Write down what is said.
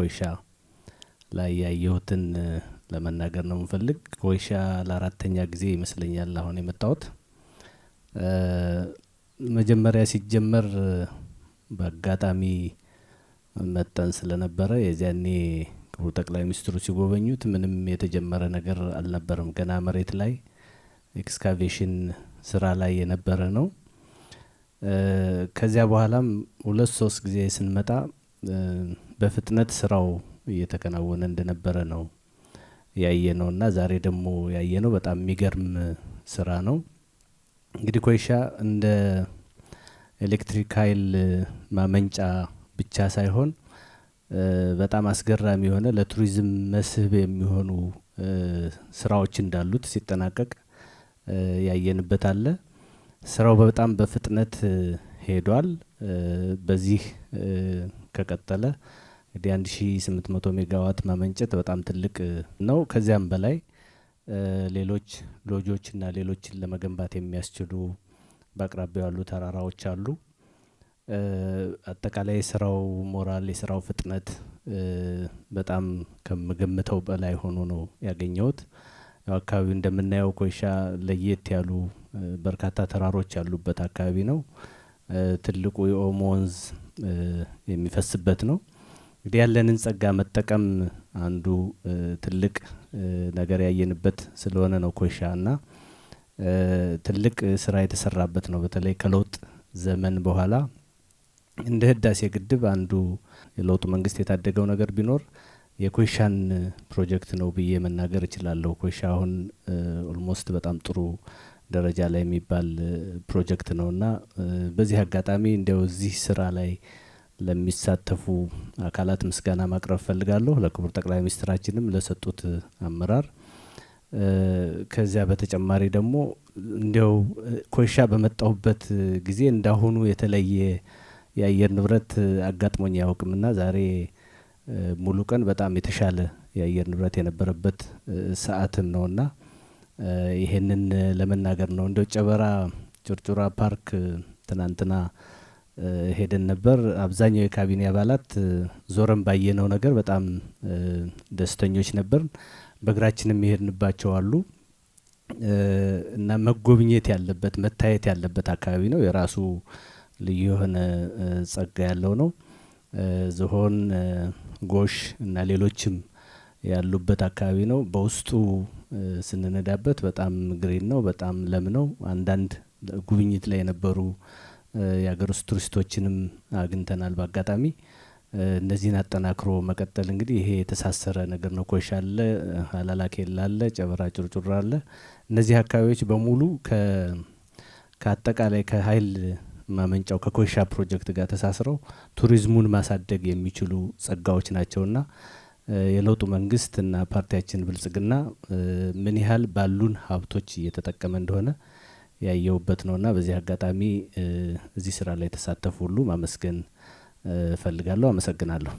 ኮይሻ ላይ ያየሁትን ለመናገር ነው ምፈልግ። ኮይሻ ለአራተኛ ጊዜ ይመስለኛል አሁን የመጣሁት። መጀመሪያ ሲጀመር በአጋጣሚ መጠን ስለነበረ የዚያኔ ክቡር ጠቅላይ ሚኒስትሩ ሲጎበኙት ምንም የተጀመረ ነገር አልነበረም። ገና መሬት ላይ ኤክስካቬሽን ስራ ላይ የነበረ ነው። ከዚያ በኋላም ሁለት ሶስት ጊዜ ስንመጣ በፍጥነት ስራው እየተከናወነ እንደነበረ ነው ያየ ነው እና ዛሬ ደግሞ ያየ ነው በጣም የሚገርም ስራ ነው። እንግዲህ ኮይሻ እንደ ኤሌክትሪክ ኃይል ማመንጫ ብቻ ሳይሆን በጣም አስገራሚ የሆነ ለቱሪዝም መስህብ የሚሆኑ ስራዎች እንዳሉት ሲጠናቀቅ ያየንበት አለ። ስራው በጣም በፍጥነት ሄዷል። በዚህ ከቀጠለ እንግዲህ 1800 ሜጋዋት ማመንጨት በጣም ትልቅ ነው። ከዚያም በላይ ሌሎች ሎጆች እና ሌሎችን ለመገንባት የሚያስችሉ በአቅራቢያው ያሉ ተራራዎች አሉ። አጠቃላይ የስራው ሞራል፣ የስራው ፍጥነት በጣም ከምገምተው በላይ ሆኖ ነው ያገኘሁት። አካባቢው እንደምናየው ኮይሻ ለየት ያሉ በርካታ ተራሮች ያሉበት አካባቢ ነው። ትልቁ የኦሞ ወንዝ የሚፈስበት ነው። እንግዲህ ያለንን ጸጋ መጠቀም አንዱ ትልቅ ነገር ያየንበት ስለሆነ ነው ኮሻ እና ትልቅ ስራ የተሰራበት ነው። በተለይ ከለውጥ ዘመን በኋላ እንደ ህዳሴ ግድብ አንዱ የለውጡ መንግስት የታደገው ነገር ቢኖር የኮይሻን ፕሮጀክት ነው ብዬ መናገር እችላለሁ። ኮይሻ አሁን ኦልሞስት በጣም ጥሩ ደረጃ ላይ የሚባል ፕሮጀክት ነው እና በዚህ አጋጣሚ እንዲያው እዚህ ስራ ላይ ለሚሳተፉ አካላት ምስጋና ማቅረብ እፈልጋለሁ። ለክቡር ጠቅላይ ሚኒስትራችንም ለሰጡት አመራር ከዚያ በተጨማሪ ደግሞ እንዲያው ኮይሻ በመጣሁበት ጊዜ እንዳሁኑ የተለየ የአየር ንብረት አጋጥሞኝ አያውቅምና ዛሬ ሙሉ ቀን በጣም የተሻለ የአየር ንብረት የነበረበት ነው ነውና ይሄንን ለመናገር ነው። እንደው ጨበራ ጩርጩራ ፓርክ ትናንትና ሄደን ነበር። አብዛኛው የካቢኔ አባላት ዞረን ባየነው ነገር በጣም ደስተኞች ነበር። በእግራችንም የሄድንባቸው አሉ እና መጎብኘት ያለበት መታየት ያለበት አካባቢ ነው። የራሱ ልዩ የሆነ ጸጋ ያለው ነው። ዝሆን፣ ጎሽ እና ሌሎችም ያሉበት አካባቢ ነው። በውስጡ ስንነዳበት በጣም ግሪን ነው፣ በጣም ለም ነው። አንዳንድ ጉብኝት ላይ የነበሩ የሀገር ውስጥ ቱሪስቶችንም አግኝተናል በአጋጣሚ። እነዚህን አጠናክሮ መቀጠል እንግዲህ ይሄ የተሳሰረ ነገር ነው። ኮሻ አለ፣ ሀላላ አለ፣ ጨበራ ጩርጩራ አለ። እነዚህ አካባቢዎች በሙሉ ከአጠቃላይ ከኃይል ማመንጫው ከኮይሻ ፕሮጀክት ጋር ተሳስረው ቱሪዝሙን ማሳደግ የሚችሉ ጸጋዎች ናቸውና የለውጡ መንግስት እና ፓርቲያችን ብልጽግና ምን ያህል ባሉን ሀብቶች እየተጠቀመ እንደሆነ ያየሁበት እና በዚህ አጋጣሚ እዚህ ስራ ላይ የተሳተፉ ሁሉ ማመስገን እፈልጋለሁ። አመሰግናለሁ።